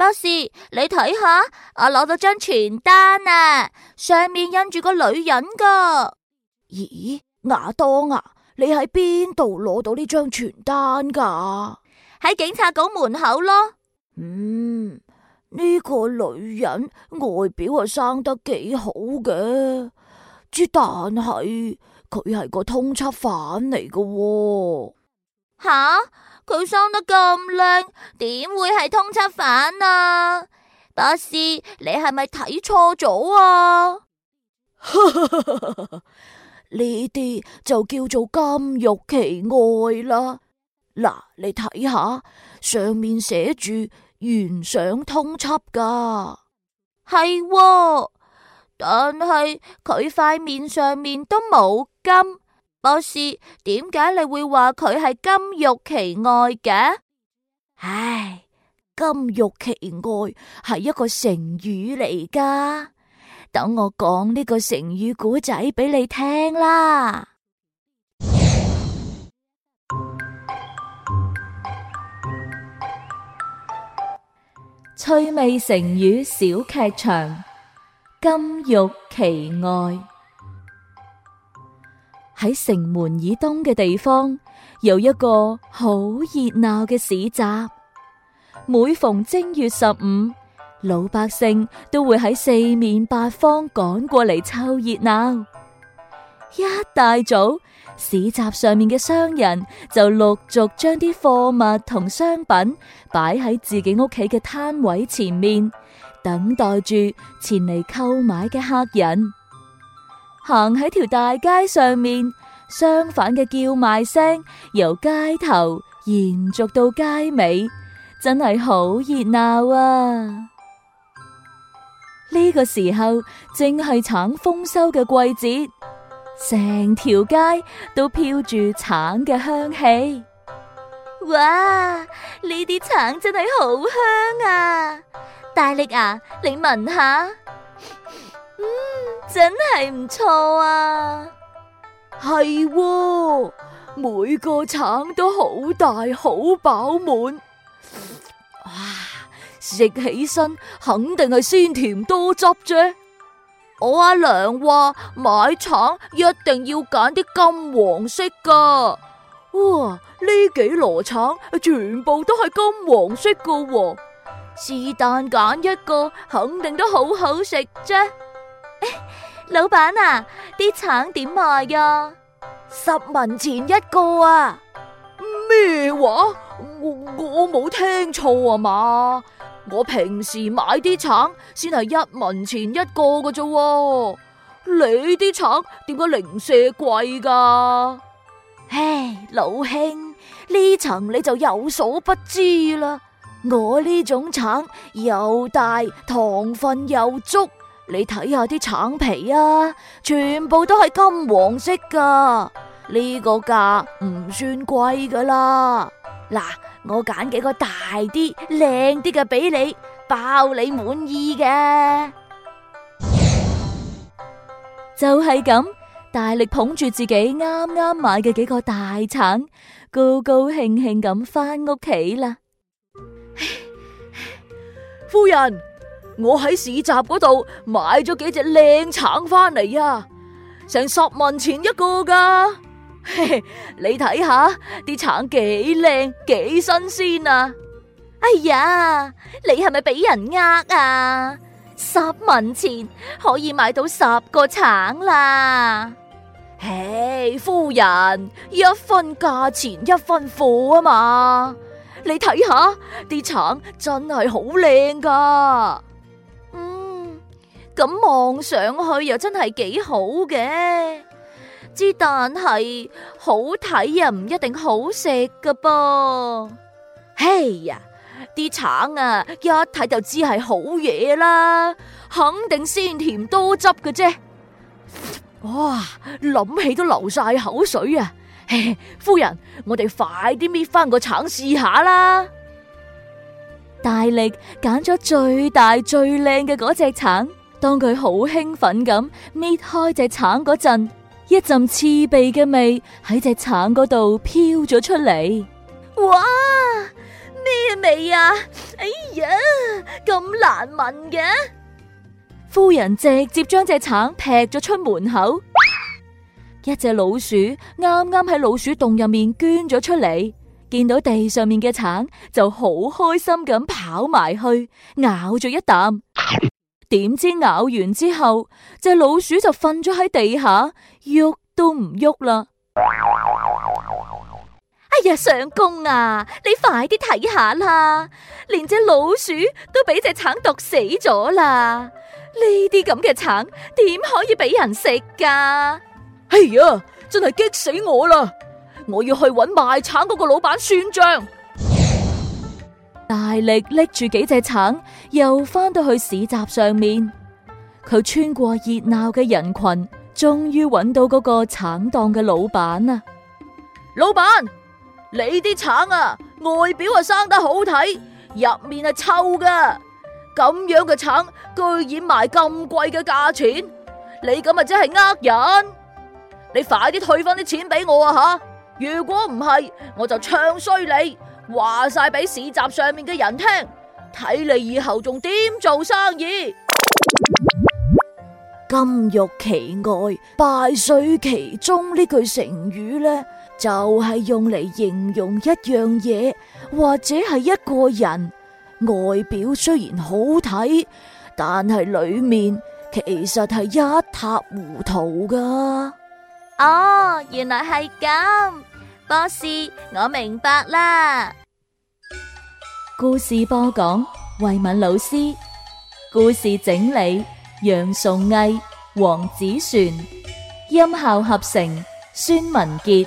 博士，你睇下，我攞到張傳單啊，上面印住個女人噶。咦，亞當啊，你喺邊度攞到呢張傳單噶？喺警察局門口咯。嗯，呢個女人外表啊生得幾好嘅，之但係佢係個通緝犯嚟噶。吓？佢生得咁靚，點會係通緝犯啊？博士，你係咪睇錯咗啊？呢啲 就叫做金玉其外啦。嗱，你睇下上面寫住懸賞通緝噶，係、哦，但係佢塊面上面都冇金。博士，點解你會話佢係金玉其外嘅？唉，金玉其外係一個成語嚟噶，等我講呢個成語故仔俾你聽啦。趣味成語小劇場：金玉其外。喺城門以東嘅地方，有一個好熱鬧嘅市集，每逢正月十五，老百姓都會喺四面八方趕過嚟湊熱鬧。一大早，市集上面嘅商人就陸續將啲貨物同商品擺喺自己屋企嘅攤位前面，等待住前嚟購買嘅客人。行喺條大街上面，商販嘅叫賣聲由街頭延續到街尾，真係好熱鬧啊！呢個時候正係橙豐收嘅季節，成條街都飄住橙嘅香氣。哇！呢啲橙真係好香啊！大力啊，你聞下，嗯真係唔錯啊！係、啊、每個橙都好大好飽滿，哇！食起身肯定係鮮甜多汁啫。我阿、啊、娘話買橙一定要揀啲金黃色噶。哇！呢幾籮橙全部都係金黃色噶，是但揀一個肯定都好好食啫。哎，老闆啊，啲橙點賣㗎？十文錢一個啊？咩話？我我冇聽錯啊嘛？我平時買啲橙先係一文錢一個嘅啫，你啲橙點解零舍貴噶？唉，老兄，呢層你就有所不知啦。我呢種橙又大，糖分又足。你睇下啲橙皮啊，全部都係金黃色噶，呢個價唔算貴噶啦。嗱，我揀幾個大啲、靚啲嘅俾你，包你滿意嘅。 就係咁，大力捧住自己啱啱買嘅幾個大橙，高高興興咁翻屋企啦。 夫人！我喺市集嗰度買咗幾隻靚橙翻嚟啊，成十文錢一個噶，嘿嘿，你睇下啲橙幾靚幾新鮮啊！哎呀，你係咪俾人呃啊？十文錢可以買到十個橙啦，嘿，夫人，一分價錢一分貨啊嘛，你睇下啲橙真係好靚噶。咁望上去又真係幾好嘅，之但係好睇又唔一定好食噶噃。嘿呀，啲橙啊，一睇就知係好嘢啦，肯定鮮甜多汁嘅啫。哇，諗起都流晒口水啊！嘿，夫人，我哋快啲搣翻個橙試下啦！大力揀咗最大最靚嘅嗰隻橙。當佢好興奮咁搣開隻橙嗰陣，一陣刺鼻嘅味喺隻橙嗰度飄咗出嚟。哇，咩味啊？哎呀，咁難聞嘅！夫人直接將隻橙劈咗出門口。 一隻老鼠啱啱喺老鼠洞入面捐咗出嚟，見到地上面嘅橙就好開心咁跑埋去咬咗一啖。點知咬完之後，隻老鼠就瞓咗喺地下，喐都唔喐啦！哎呀，相公啊，你快啲睇下啦！連隻老鼠都俾隻橙毒死咗啦！呢啲咁嘅橙點可以俾人食噶？哎呀，真係激死我啦！我要去搵賣橙嗰個老闆算賬。大力拎住幾隻橙，又翻到去市集上面。佢穿過熱鬧嘅人群，終於揾到嗰個橙檔嘅老闆啊！老闆，你啲橙啊，外表係生得好睇，入面係臭噶！咁樣嘅橙居然賣咁貴嘅價錢，你咁啊真係呃人！你快啲退翻啲錢俾我啊吓！如果唔係，我就唱衰你！話晒俾市集上面嘅人聽，睇你以後仲點做生意？金玉其外，敗絮其中，呢句成語呢，就係、是、用嚟形容一樣嘢或者係一個人，外表雖然好睇，但係裏面其實係一塌糊塗噶。哦，原來係咁，博士，我明白啦。故事播講：慧敏老師，故事整理：楊崇毅、黃子璇，音效合成：孫文杰。